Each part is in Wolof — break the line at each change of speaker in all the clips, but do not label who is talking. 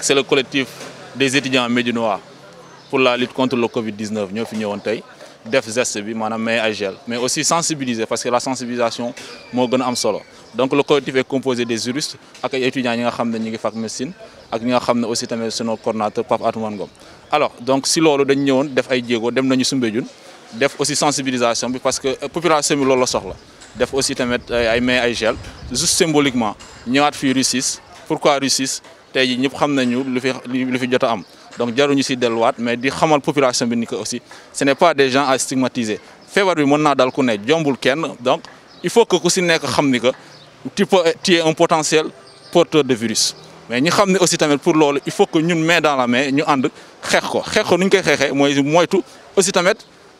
c'est le collectif des étudiants médinois pour la lutte contre le Covid-19 Nous finissons tay def geste bi manam may mais aussi sensibiliser parce que la sensibilisation mo gëna importante. am solo donc le collectif est composé des juristes ak les étudiants yi nga xamné ñi fac médecine ak ñi nga aussi tamit sunu coordinateur Pape Atoumane alors donc si lolu dañ ñëwoon def ay jéego dem nañu djun def aussi sensibilisation bi parce que population bi là la soxla def aussi tamit ay may juste symboliquement ñëwaat fi Russis pourquoi la Russie? lu am donc jaruñu des lois, mais di la population aussi ce n'est pas des gens à stigmatiser dal donc il faut que nous soyons un potentiel porteur de virus. mais aussi pour il faut que nous main dans la main ñu nous Nous aussi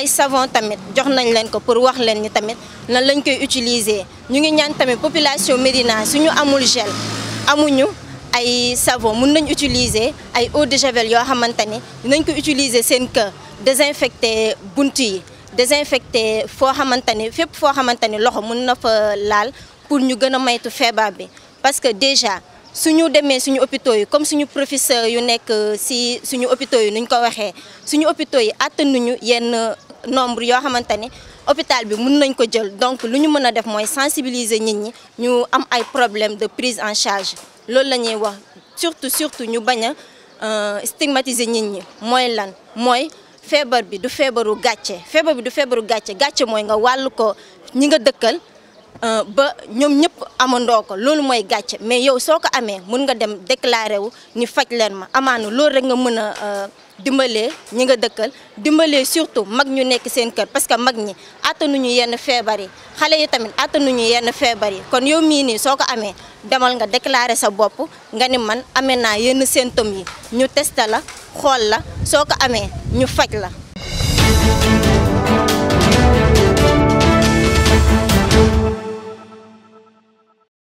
ay savon tamit jox nañ leen ko pour wax leen ni tamit nan lañ koy utiliser ñu ngi ñaan tamit population Médina suñu amul gel amuñu ay savon mun nañ utiliser ay eau de javel yo xamantani dinañ ko utiliser seen que désinfecter bunti désinfecter fo xamantani fep fo xamantani loxo mun na fa laal pour ñu gëna maytu feebar bi parce que déjà suñu demee suñu hôpitaux yi comme suñu professeur yu nekk euh, si suñu hôpitaux yi nuñ ko waxee suñu hôpitaux yi attanuñu yenn euh, nombre yoo xamante ni hôpital bi mun nañ ko jël donc lu ñu mën a def mooy sensibiliser nit ñi ñu am ay problème de prise en charge loolu la ñuy wax surtout surtout ñu bañ a euh, stigmatiser nit ñi mooy lan mooy feebar bi du feebaru gàcce feebar bi du feebaru gàcce gàcce mooy nga wàll ko ñi nga dëkkal Euh, ba ñoom ñëpp amandoo ko loolu mooy gàcc mais yow soo ko amee mun nga dem déclaré wu ñu faj leen ma amaana loolu rek nga mën a euh, dimbalee ñi nga dëkkal dimbalee surtout mag ñu nekk seen kër parce que mag ñi attanuñu yenn feebar yi xale yi tamit attanuñu yenn feebar yi kon yow mii nii soo ko amee demal nga déclarer sa bopp nga ni man amee naa yenn symptômes yi ñu teste la xool la soo ko amee ñu faj la